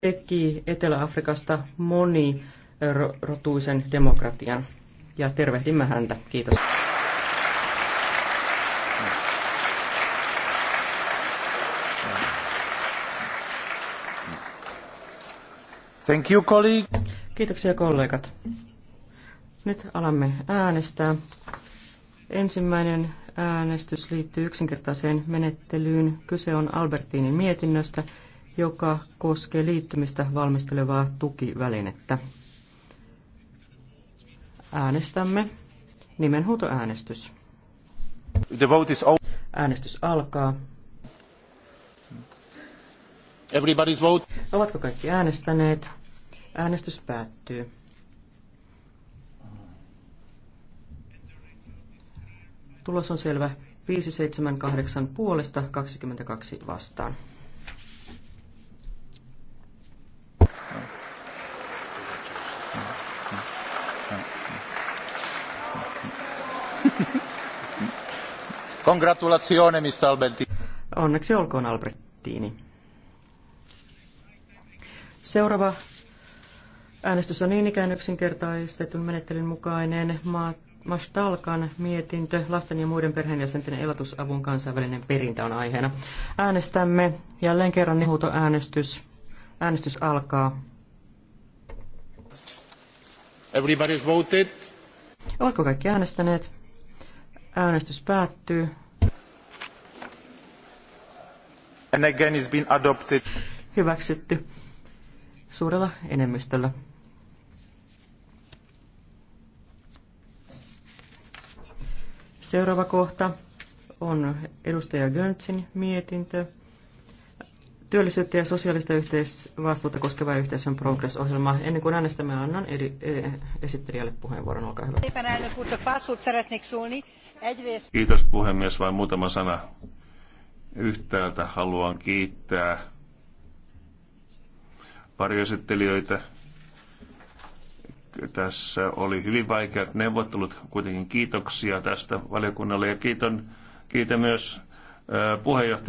teki Etelä-Afrikasta monirotuisen demokratian. Ja tervehdimme häntä. Kiitos. Thank you, colleague. Kiitoksia kollegat. Nyt alamme äänestää. Ensimmäinen äänestys liittyy yksinkertaiseen menettelyyn. Kyse on Albertinin mietinnöstä joka koskee liittymistä valmistelevaa tukivälinettä. Äänestämme. Nimenhuutoäänestys. The vote is all... Äänestys alkaa. Everybody's vote. Ovatko kaikki äänestäneet? Äänestys päättyy. Tulos on selvä. 578 puolesta, 22 vastaan. Congratulazione, Mr. Albertini. Onneksi olkoon, Albertini. Seuraava äänestys on niin ikään yksinkertaistetun menettelyn mukainen maat Mastalkan mietintö lasten ja muiden perheenjäsenten elatusavun kansainvälinen perintä on aiheena. Äänestämme jälleen kerran nihuutoäänestys. Äänestys alkaa. Everybody's voted. Oletko kaikki äänestäneet? Äänestys päättyy. And again it's been adopted. Hyväksytty suurella enemmistöllä. Seuraava kohta on edustaja Göntsin mietintö työllisyyttä ja sosiaalista yhteisvastuuta koskeva yhteisön progress-ohjelma. Ennen kuin äänestämme, annan eri, e-, esittelijälle puheenvuoron. Olkaa hyvä. Kiitos puhemies. Vain muutama sana. Yhtäältä haluan kiittää pari esittelijöitä. Tässä oli hyvin vaikeat neuvottelut. Kuitenkin kiitoksia tästä valiokunnalle ja kiitän, kiitän myös puheenjohtaja.